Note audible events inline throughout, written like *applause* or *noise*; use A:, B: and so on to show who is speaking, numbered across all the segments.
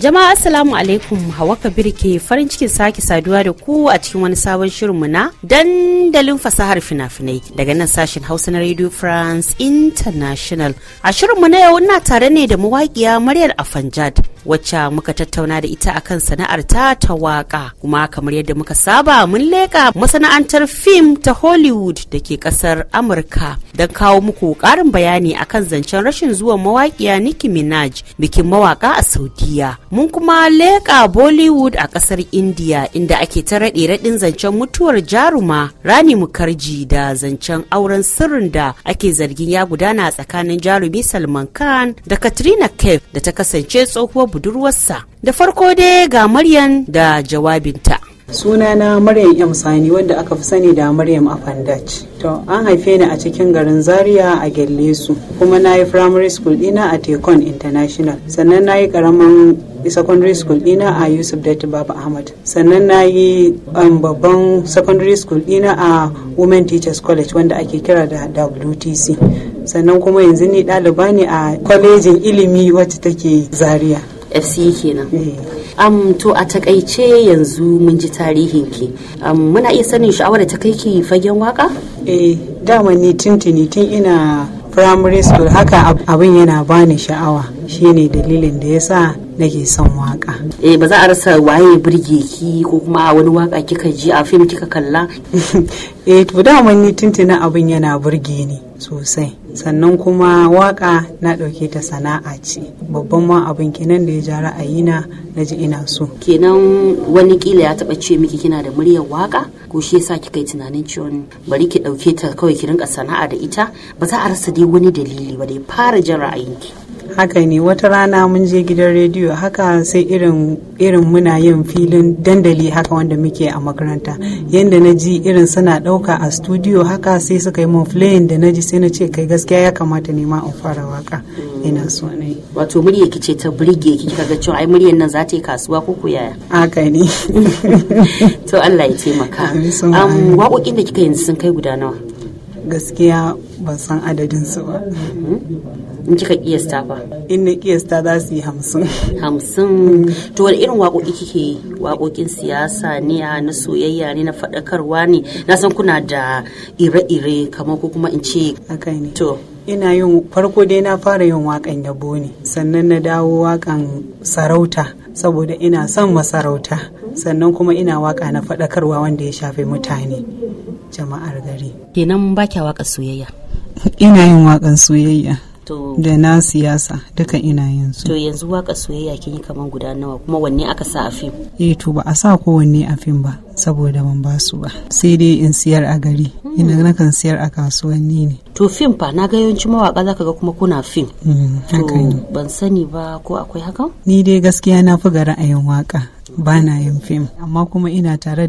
A: Jama'a Assalamu alaikum Hawa Kabir ke farin cikin sake saduwa da ku a cikin wani sabon shirin mu na dandalin fasahar fina-finai daga nan sashen Hausa na Radio France International. A shirin mu na yau ina tare ne da mawaƙiya Maryar Afanjad wacce muka tattauna da ita akan sana'ar ta ta waka kuma kamar yadda muka saba mun leƙa masana'antar fim ta hollywood da ke ƙasar amurka don kawo muku ƙarin bayani akan zancen rashin zuwan mawaƙiya nicki minaj bikin mawaka a saudiya mun kuma leƙa bollywood a ƙasar india inda ake ta raɗe raɗin zancen mutuwar jaruma rani mukarji da zancen auren sirrin da ake zargin ya gudana tsakanin jarumi salman khan da katrina kef da ta kasance tsohuwar budurwarsa da farko dai ga maryam da jawabinta
B: sunana maryam Yamsani sani wadda aka fi sani da maryam afandach to an haife ni a cikin garin zaria a gellesu kuma na yi primary school dina a tekon international sannan na yi karamin secondary school dina a yusuf dati baba ahmad sannan na yi um, babban secondary school dina a women teachers college wanda ake kira da wtc sannan kuma yanzu ni ɗaliba ne a kwalejin
A: ilimi wacce take zaria fc kenan eh. am to a takaice yanzu mun ji tarihin ki muna iya sanin sha'awar ta kai ki fagen waka eh dama ni tintini tun ina primary school haka abin yana bani sha'awa
B: shine dalilin da yasa nake son waka
A: eh ba za a rasa waye burge
B: ki ko kuma wani waka kika ji a fim kika kalla *laughs* eh to mun ni tuntuna abin yana burge ni sosai sannan kuma waka na ɗauke ta sana'a
A: ce babban ma abin kenan
B: da ya ja ra'ayina na ji ina so
A: kenan wani kila ya taba ce miki kina da muryar waka ko shi yasa kika yi tunanin cewa bari ki ɗauke ta kawai ki rinka sana'a da ita ba za a rasa dai wani dalili ba dai fara jin ra'ayinki haka ne wata rana mun je gidan rediyo haka sai irin irin muna yin filin
B: dandali haka wanda muke a makaranta yadda na ji irin suna ɗauka a studio haka sai suka yi mun da na ji sai na ce kai gaskiya ya kamata ne ma in fara waka ina so ne
A: wato murya kice ta burge ki kaga cewa ai muryar nan za ta yi kasuwa ko kuyaya haka ne *laughs* to Allah ya taimaka waƙoƙin da kika yanzu sun kai guda nawa gaskiya ban san adadin su ba in kika kiyasta ba in na kiyasta za su yi hamsin hamsin mm. to wani irin waƙoƙi kike yi waƙoƙin siyasa ne a na soyayya ne na faɗakarwa ne na san kuna da ire-ire kamar ko kuma in ce to
B: ina yin farko dai na fara yin wakan yabo ne sannan na dawo wakan sarauta saboda ina son masarauta sannan kuma ina waka na faɗakarwa wanda ya shafe mutane jama'ar gari kenan ba kya waka soyayya ina yin wakan soyayya da na siyasa duka
A: ina yanzu to yanzu waka soyayya kin yi kaman guda nawa kuma wanne aka sa a fim
B: eh to ba a sa ko wanne a fim ba saboda ban ba su ba sai dai in siyar a gari hmm. ina na kan siyar a kasuwanni ne
A: to fim fa na ga yawanci mawaka zaka ga kuma kuna fim
B: hmm,
A: ban sani ba ko akwai haka
B: ni dai gaskiya na fi ga ra'ayin waka ba na yin fim amma kuma ina tare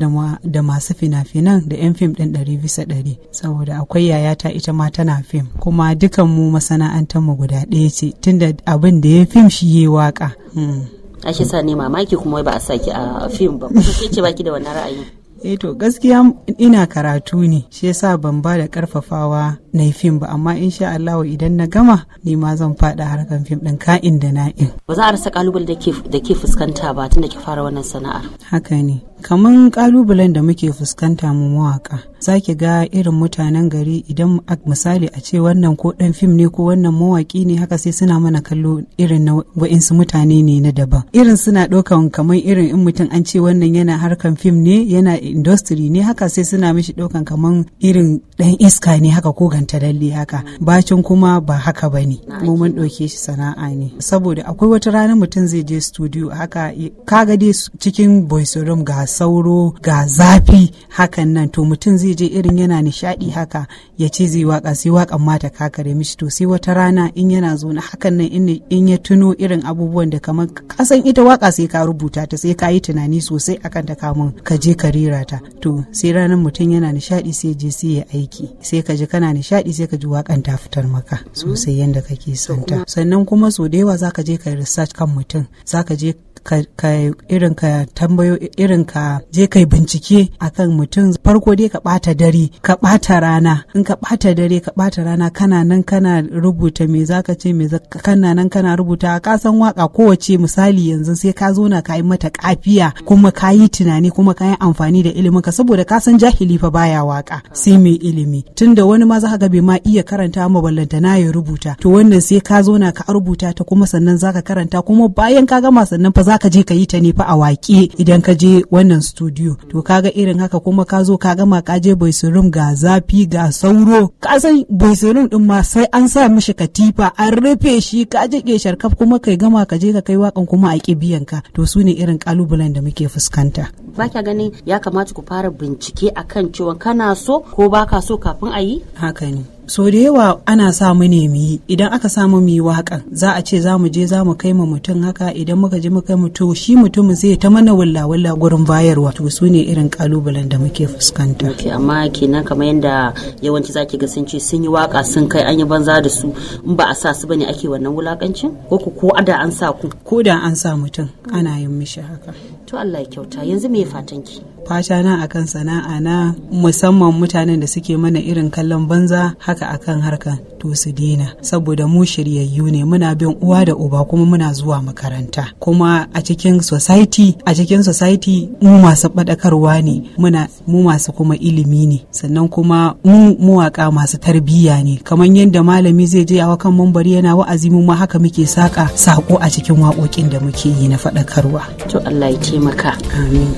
B: da masu fina-finan da 'yan fim ɗin ɗari bisa ɗari saboda akwai yayata ita ma tana fim kuma dukan mu masana'antar mu guda ɗaya ce tunda abin da ya fim shi ya waka.
A: Hmm. Ashe sa ne mamaki kuma ba a saki a fim ba kuma ce baki da wannan ra'ayi. eh to gaskiya ina karatu
B: ne shi yasa ban ba da karfafawa na fim ba amma insha Allah idan na gama ni ma zan fada harkan fim din ka'in da na'in
A: ba za a rasa kalubale da ke fuskanta ba tun da ke fara wannan sana'ar
B: haka ne kaman kalubalen da muke fuskanta mu mawaka zaki ga irin mutanen gari idan misali a ce wannan ko dan fim ne ko wannan mawaki ne haka sai suna mana kallo irin na wa'insu mutane ne na daban irin suna ɗaukan kaman irin in mutum an ce wannan yana harkan fim ne yana industry ne haka sai suna mishi ɗaukan kaman irin ɗan iska ne haka ko ganta lalle haka bacin kuma ba haka ba ne mu mun ɗauke shi sana'a ne saboda akwai wata rana mutum zai je studio haka kaga dai cikin voice room ga sauro ga zafi hakan nan to mutum zai je irin yana nishaɗi haka ya ce zai waka sai wakan mata kakare mishi to sai wata rana in yana zo na hakan nan in ya tuno irin abubuwan da kamar kasan ita waka sai ka rubuta ta sai ka yi tunani sosai akan ta kamun ka je ka rera ta to sai ranar mutum yana nishadi sai je sai ya aiki sai ka ji kana nishadi sai ka ji wakan ta fitar maka sosai yanda kake son sannan kuma so da yawa zaka je ka research kan mutum zaka je irin ka tambayo irin ka je kai bincike akan mutum farko dai ka bata dare ka bata rana in ka bata dare ka bata rana kana nan kana rubuta me zaka ce me kana nan kana rubuta ka san waka kowace misali yanzu sai ka zo na kai mata kafiya kuma ka yi tunani kuma ka yi amfani da ilimin ka saboda ka san jahili fa baya waka sai mai ilimi tunda wani ma zaka ga bai ma iya karanta ma na ya rubuta to wannan sai ka zo na ka rubuta ta kuma sannan zaka karanta kuma bayan ka gama sannan fa za ka je ka yi ta ne fa a waƙe idan ka je wannan studio to kaga irin haka kuma ka zo ka gama ka je baisurum ga zafi ga sauro ka san baisurum din ma sai an sa mishi katifa an rufe shi ka ke sharkaf kuma kai gama ka je ka kai wakan kuma a biyan ka to su ne irin kalubalen da muke fuskanta
A: ba ka ganin ya kamata ku fara bincike akan cewa kana so ko baka so kafin a yi
B: haka ne so da yawa ana sa mu ne mu idan aka samu mu yi waƙan za a ce za mu je za mu kai ma mutum haka idan muka je mu kai mu shi mutumin zai ta mana walla walla gurin bayarwa to su ne irin kalubalen da muke fuskanta ke
A: amma kenan kamar yadda yawanci zaki ga sun ce sun yi waka sun kai an yi banza da su in ba a sa su bane ake wannan wulakancin ko ku ko da an sa
B: ku ko da an sa mutum ana yin mishi haka
A: to Allah ya kyauta yanzu me fatan ki
B: fata na akan sana'a na musamman mutanen da suke mana irin kallon banza haka akan harkan to su dina saboda mu shiryayyu ne muna bin uwa da uba kuma muna zuwa makaranta kuma a cikin society a cikin society mu masu faɗakarwa ne muna mu masu kuma ilimi ne sannan kuma mu muwaka masu tarbiyya ne kamar yadda malami zai je a kan mambari yana wa'azi mu ma haka muke saka sako a cikin waƙoƙin da muke yi na faɗakarwa
A: to Allah ya taimaka amin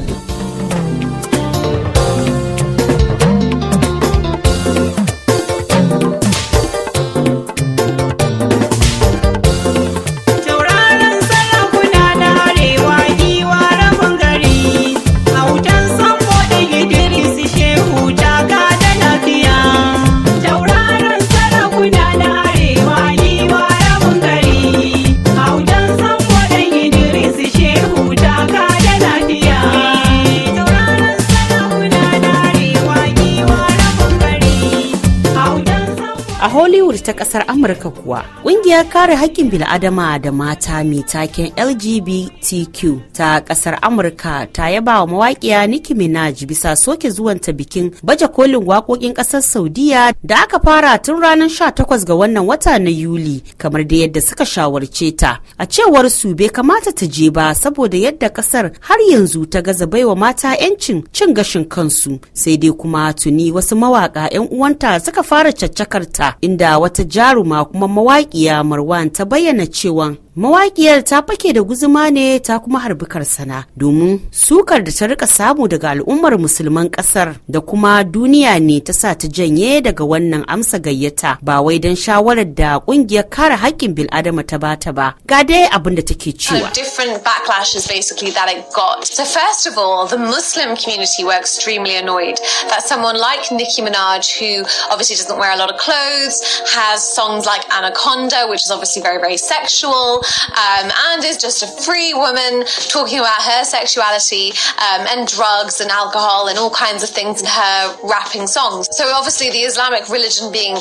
A: kasar amurka kuwa ƙungiyar kare haƙƙin bil'adama da mata mai taken lgbtq ta kasar amurka ta yaba wa mawaƙiya nicki minaj bisa soke zuwanta bikin baje kolin waƙoƙin ƙasar saudiya da aka fara tun ranar 18 ga wannan wata na yuli kamar da yadda suka shawarce ta a cewar su bai kamata ta je ba saboda yadda kasar har yanzu ta gaza baiwa mata 'yancin cin gashin kansu sai dai kuma tuni wasu mawaka 'yan uwanta suka fara caccakar inda wata jaruma kuma mawaƙiya Marwan ta bayyana cewa Mawaƙiyar ta fake da guzuma ne ta kuma harbi karsana domin sukar da ta rika samu daga al'ummar musulman ƙasar da kuma duniya ne ta sa ta janye daga wannan amsa gayyata ba wai don shawarar da ƙungiyar kare haƙƙin bil'adama ta bata ba ga dai abin da take cewa.
C: different backlashes basically that it got. So first of all, the Muslim community were extremely annoyed that someone like Nicki Minaj, who obviously doesn't wear a lot of clothes, has songs like Anaconda, which is obviously very very sexual. Um, and is just a free woman talking about her sexuality um, and drugs and alcohol and all kinds of things in her rapping songs. So obviously, the Islamic religion being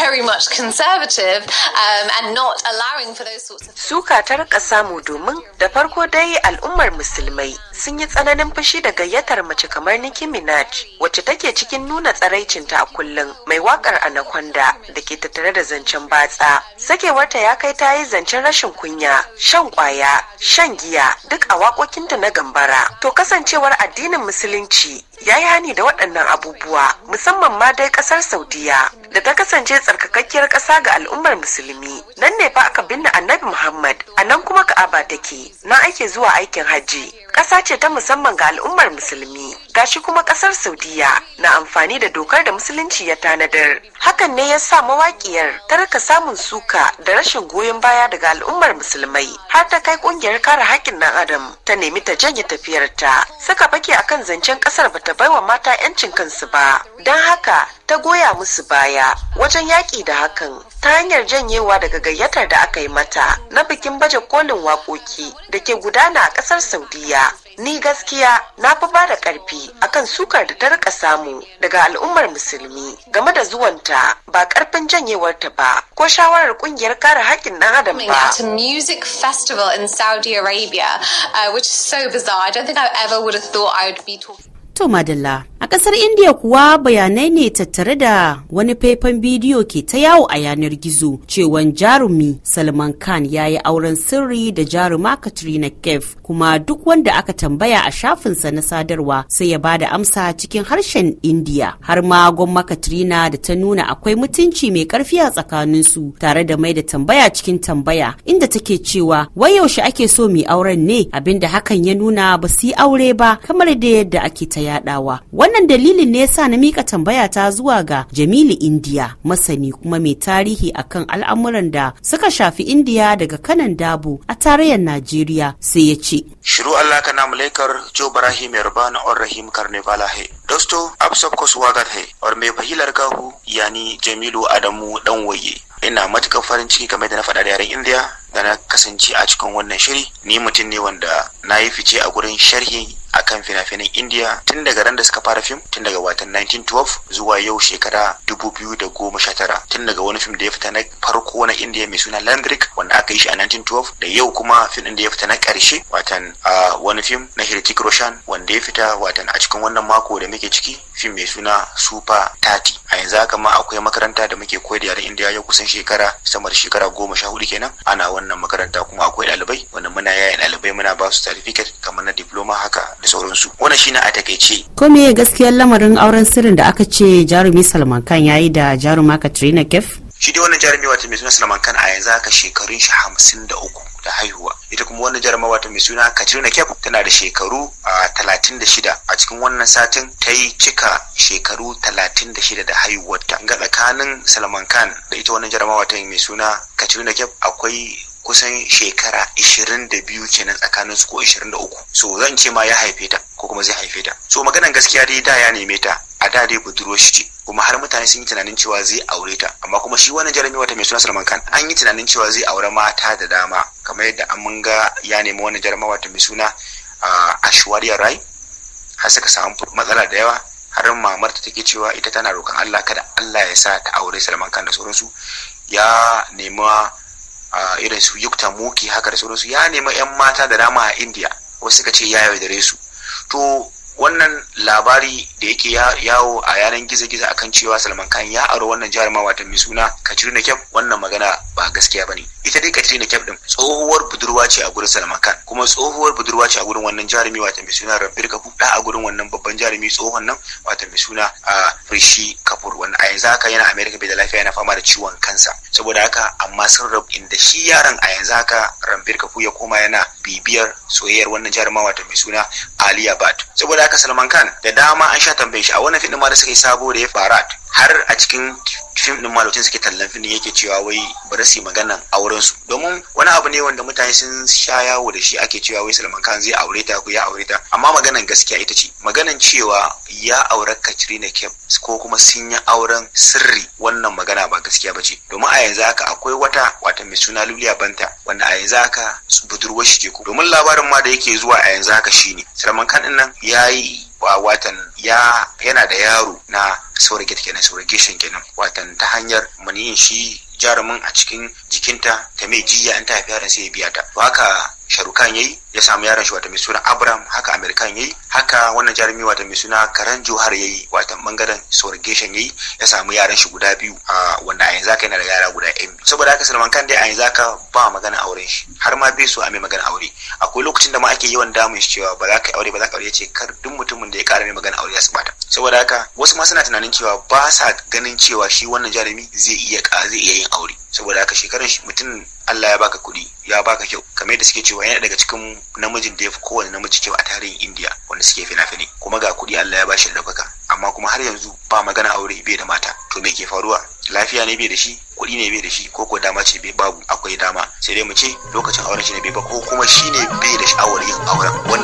C: very much conservative um, and not allowing for those sorts of. Suka ta samu domin da farko dai al'ummar musulmai sun yi tsananin fushi da gayyatar mace kamar Nicki Minaj wacce take cikin nuna tsaraicinta a kullum mai wakar Anaconda da ke tattare da zancen batsa. Sakewarta ya kai ta yi zancen rashin kunya shan kwaya shan giya duk a waƙoƙinta na gambara to kasancewar addinin musulunci ya yi hani da waɗannan abubuwa musamman ma dai ƙasar saudiya da ta kasance tsarkakakkiyar ƙasa ga al'ummar musulmi nan ne fa aka binne annabi muhammad a nan kuma ka'aba take na ake zuwa aikin hajji ƙasa ce ta musamman ga al'ummar musulmi gashi kuma ƙasar saudiya na amfani da dokar da musulunci ya tanadar hakan ne ya sa mawaƙiyar ta rika samun suka da rashin goyon baya daga al'ummar musulmai har ta kai ƙungiyar kare haƙƙin ɗan adam ta nemi ta janye tafiyarta suka fake akan zancen ƙasar bata bata baiwa mata 'yancin kansu ba don haka ta goya musu baya wajen yaƙi da hakan ta hanyar janyewa daga gayyatar da aka yi mata na bikin baje kolin waƙoƙi da ke gudana a ƙasar saudiya ni gaskiya na fi ba da ƙarfi akan sukar da ta rika samu daga al'ummar musulmi game da zuwanta ba karfin janyewar ta ba ko shawarar kungiyar kare haƙƙin ɗan adam ba. music festival in Saudi Arabia,
A: To madalla a ƙasar India kuwa bayanai ne tattare da wani faifan bidiyo ke ta yawo a yanar gizo cewa jarumi Salman Khan ya yi auren sirri da jaruma Katrina Kaif kuma duk wanda aka tambaya a shafinsa na sadarwa sai ya bada amsa cikin harshen India har ma gwamma Katrina da ta nuna akwai mutunci mai karfi a tsakaninsu tare da mai da tambaya cikin tambaya inda take cewa wai yaushe ake so mai auren ne abinda hakan ya nuna ba su yi aure ba kamar da yadda ake ta yadawa wannan dalilin ne yasa na mika tambaya ta zuwa ga jamilu indiya masani kuma mai tarihi akan al'amuran da suka shafi indiya daga kanan dabu a tarayyar najeriya sai ya ce
D: shiru allah na mulaikar jo barahim yarban on rahim karnevala he dosto ab sab he or mai fahilar gahu yani jamilu adamu dan waye ina matuƙar farin ciki game da na faɗa da yaren indiya da na kasance a cikin wannan shiri ni mutum ne wanda na yi fice a gurin sharhin akan fina-finan indiya tun daga ran da suka fara fim tun daga watan 1912 zuwa yau shekara 2019 tun daga wani fim da ya fita na farko na indiya mai suna landrick wanda aka yi shi a 1912 da yau kuma fim din da ya fita na karshe watan ah, wani fim na hirtik roshan wanda ya fita watan a cikin wannan mako da muke ciki fim mai suna super Tati a yanzu haka ma akwai makaranta da muke koyar da yaran indiya yau kusan shekara sama da shekara goma sha hudu kenan ana wannan makaranta kuma akwai ɗalibai wanda muna yaya ɗalibai muna ba su certificate kamar na diploma haka da sauransu wannan shine a takaice
A: ko me gaskiyar lamarin auren sirrin da aka ce jarumi salman khan yayi da jaruma katrina kef
D: shi dai wannan jarumi wata mai suna salman khan a yanzu haka shekarun shi hamsin da uku da haihuwa ita kuma wannan jaruma wata mai suna katrina kef tana da shekaru talatin da shida a cikin wannan satin ta yi cika shekaru talatin da shida da haihuwarta ga tsakanin salman khan da ita wannan jaruma wata mai suna katrina kef akwai kusan shekara 22 kenan tsakanin su ko 23 so zan ce ma ya haife ta ko kuma zai haife ta so maganan gaskiya dai da ya neme ta a da dai budurwar shi ce kuma har mutane sun yi tunanin cewa zai aure ta amma kuma shi wannan jarumi wata mai suna Salman Khan an yi tunanin cewa zai aure mata da dama kamar yadda an mun ga ya nemi wannan jarumi wata mai suna Ashwarya Rai har suka samu matsala da yawa har mamarta take cewa ita tana roƙon Allah kada Allah ya sa ta aure Salman Khan da sauransu ya nema irin su yukta moki haka da sauransu ya nemi yan mata da dama a Indiya, wasu suka ce ya yaudare su to wannan labari da yake yawo a yanan gizo-gizo akan cewa salman khan ya aro wannan jihar wata mai suna katrina kyaf wannan magana ba gaskiya bane ita dai katrina kyaf din tsohuwar budurwa ce a gurin salman khan kuma tsohuwar budurwa ce a gurin wannan mai watan mai suna rabir kafu da a gurin wannan babban mai tsohon nan watan mai suna a rishi kafur wannan a yanzu haka yana amerika bai da lafiya yana fama da ciwon kansa saboda haka amma sun rabu inda shi yaron a yanzu haka rabbir kafu ya koma yana bibiyar soyayyar wannan ma watan mai suna aliya bat saboda haka salman khan da dama an sha tambaye shi a wannan fim ma da suka yi sabo da ya farat har a cikin fim din malocin suke tallan fim yake cewa wai bari su yi maganan auren su domin wani abu ne wanda mutane sun sha yawo da shi ake cewa wai salman khan zai aure ta ko ya aure ta amma maganan gaskiya ita ce maganan cewa ya aure katrina kep ko kuma sun yi auren sirri wannan magana ba gaskiya ba domin a yanzu haka akwai wata wata mai suna lulia banta wanda a yanzu haka budurwar shi ke ku domin labarin ma da yake zuwa a yanzu haka shine salman khan din nan ya wa watan ya yana da yaro na surrogate kenan surrogation kenan watan ta hanyar maniyin shi jarumin a cikin jikinta ta mai jiya an ta haifi yaron sai ya biya ta haka sharukan yayi ya samu yaran shi wata mai suna Abraham haka amerikan yayi haka wannan jarumi wata mai suna karan johar yayi wata bangaren sorgeshen yayi ya samu yaran shi guda biyu a wanda a yanzu aka yana da yara guda yan biyu saboda haka salman kan dai a yanzu aka ba magana auren shi har ma bai so a mai magana aure akwai lokacin da ma ake yawan damun shi cewa ba za ka aure ba za ka aure ce kar duk mutumin da ya kara mai magana aure ya sabata saboda haka wasu ma suna tunanin cewa ba sa ganin cewa shi wannan jarumi zai iya zai iya yin aure saboda haka shekarun mutum Allah ya baka kuɗi ya baka kyau kamar yadda suke cewa yana daga cikin namijin da ya fi kowane namiji kyau a tarihin Indiya wanda suke fina-finai kuma ga kuɗi Allah ya bashi ɗaukaka amma kuma har yanzu ba magana aure bai da mata to me ke faruwa lafiya ne bai da shi kuɗi ne bai da shi ko ko dama ce bai babu akwai dama sai dai mu ce lokacin auren shi ne bai ba ko kuma shi ne bai da sha'awar yin auren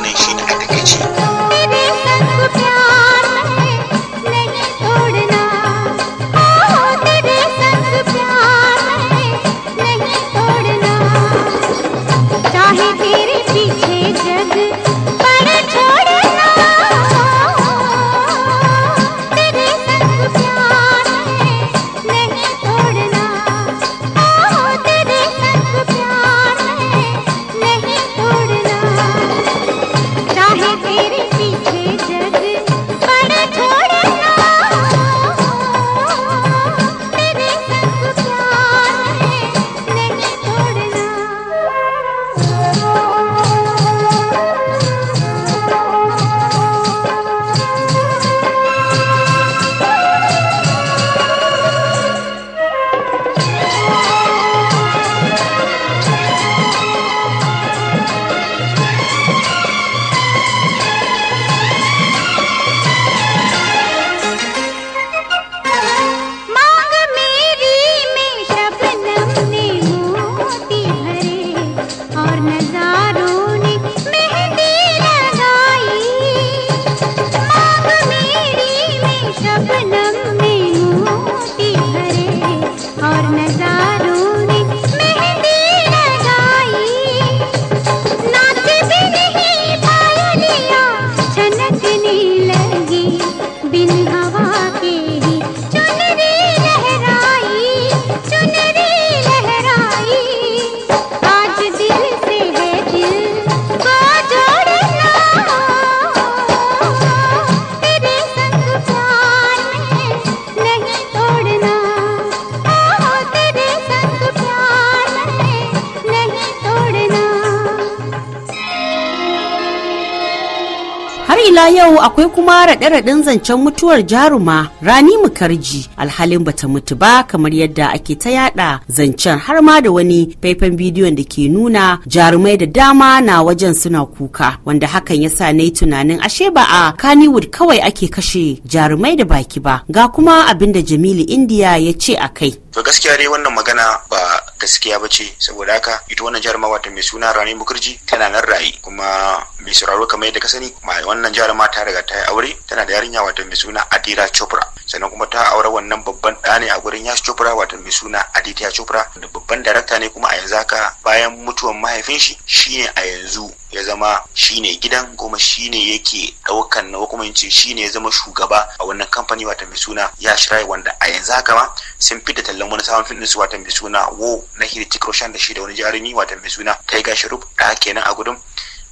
A: ila yau akwai kuma raɗe-raɗin zancen mutuwar jaruma Rani Mukarji alhalin bata mutu ba kamar yadda ake ta yada zancen har ma da wani faifan bidiyon da ke nuna jarumai da dama na wajen suna kuka wanda hakan ya sa na yi tunanin ashe ba a Kannywood kawai ake kashe jarumai da baki ba ga kuma abin da Jamilu Indiya ya ce a kai.
D: To gaskiya dai wannan magana ba gaskiya ba ce saboda haka ita wannan jaruma wata mai suna Rani Mukherjee tana nan raye kuma mai sauraro kamar yadda ka sani ma wannan jaruma ta riga ta yi aure tana da yarinya wata mai suna Adira Chopra sannan kuma ta aure wannan babban ɗa ne a gurin yas chopra wato mai suna aditya chopra da babban darakta ne kuma a yanzu haka bayan mutuwan mahaifin shi shine a yanzu ya zama shine gidan kuma ne yake ɗaukan na kuma in ce shine ya zama shugaba a wannan kamfani wata mai suna Yash Rai, wanda a yanzu haka ma sun da tallan wani sabon fitness wato mai suna wo na Hiritik Roshan da shi da wani jarumi wato mai suna Tiger Sharuf da kenan a gudun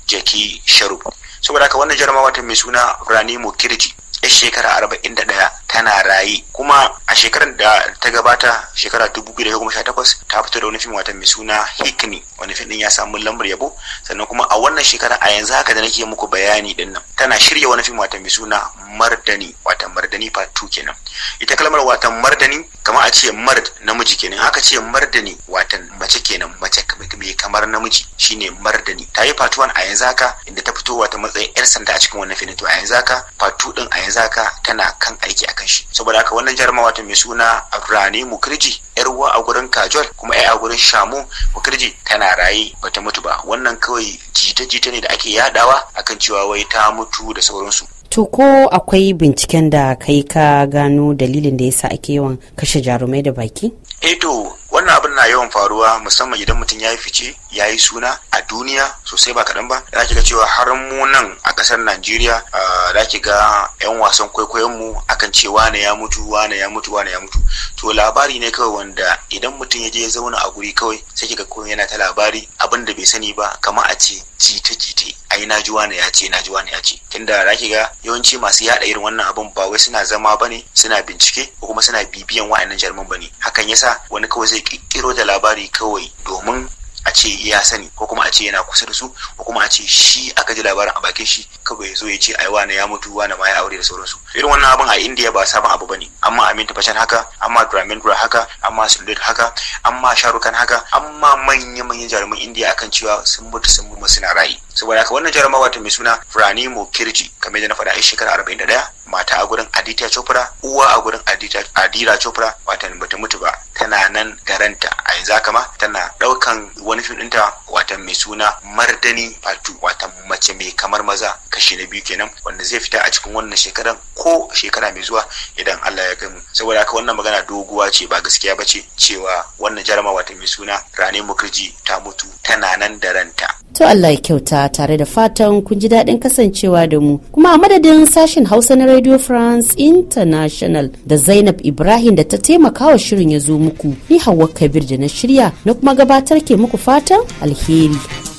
D: Jackie Sharuf saboda haka wannan jarumawa wato mai suna Rani Mukherjee yar shekara arba'in da ɗaya tana raye kuma a shekarar da ta gabata shekara 2018 ta fito da wani fim wata mai suna hikni wani fim din ya samu lambar yabo sannan kuma a wannan shekara a yanzu haka da nake muku bayani din nan tana shirya wani fim wata mai suna mardani wata mardani part 2 kenan ita kalmar wata mardani kamar a ce mard namiji kenan haka ce mardani watan mace kenan mace mai kamar namiji shine mardani ta yi part 1 a yanzu haka inda ta fito wata matsayin yar sanda a cikin wannan fim to a yanzu haka part 2 a yanzu haka tana kan aiki a shi saboda haka wannan jarumawa ta mai suna Abdurrani mukirji yar uwa a gurin Kajol kuma ai a gurin Shamu mukirji tana raye bata mutu ba wannan kawai jita-jita ne da ake yadawa akan cewa wai ta mutu da sauransu
A: To ko akwai binciken da kai ka gano dalilin da yasa ake yawan kashe jarumai da baki?
D: Eh to wannan na yawan faruwa musamman idan mutum ya yi fice ya yi suna a duniya sosai ba kaɗan ba da ga cewa har mu nan a ƙasar najeriya da ga 'yan wasan kwaikwayon mu akan ce wane ya mutu wane ya mutu wane ya mutu to labari ne kawai wanda idan mutum ya je ya zauna a guri kawai sai ga ko yana ta labari abin da bai sani ba kamar a ce jita jite ai na ji wane ya ce na ji wane ya ce tunda da ga yawanci masu yaɗa irin wannan abin ba wai suna zama ba ne suna bincike ko kuma suna bibiyan wa'annan ba ne hakan yasa wani kawai zai ƙirƙira. fito da labari kawai domin a ce ya sani ko kuma a ce yana kusa da su kuma a ce shi aka ji labarin a bakin shi kawai zo ya ce ai wane ya mutu wane ma ya aure da sauransu irin wannan abin a indiya ba sabon abu bane amma amin tafashan haka amma dramendra haka amma sulud haka amma sharukan haka amma manya-manyan jaruman indiya akan cewa sun mutu sun mutu suna rayu saboda haka wannan jaruma wata mai suna Rani Mukherjee kamar yadda na faɗa a shekara arba'in da ɗaya, mata a gurin Aditya Chopra uwa a gurin Adira Chopra watan bata mutu ba tana nan garanta a yanzu haka ma tana ɗaukan wani fim ɗinta wata mai suna Mardani part wata mace mai kamar maza kashi na biyu kenan wanda zai fita a cikin wannan shekaran ko shekara mai zuwa idan Allah ya kai mu saboda haka wannan magana doguwa ce ba gaskiya ba ce cewa wannan jarama ta mai suna Rane Mukherjee ta mutu tana nan da ranta
A: to Allah ya kyauta tare da fatan kun ji daɗin kasancewa da mu kuma a madadin sashen Hausa na Radio France International da Zainab Ibrahim da ta taimaka wa shirin ya zo muku ni Hauwa Kabir da na shirya na kuma gabatar ke muku fatan alheri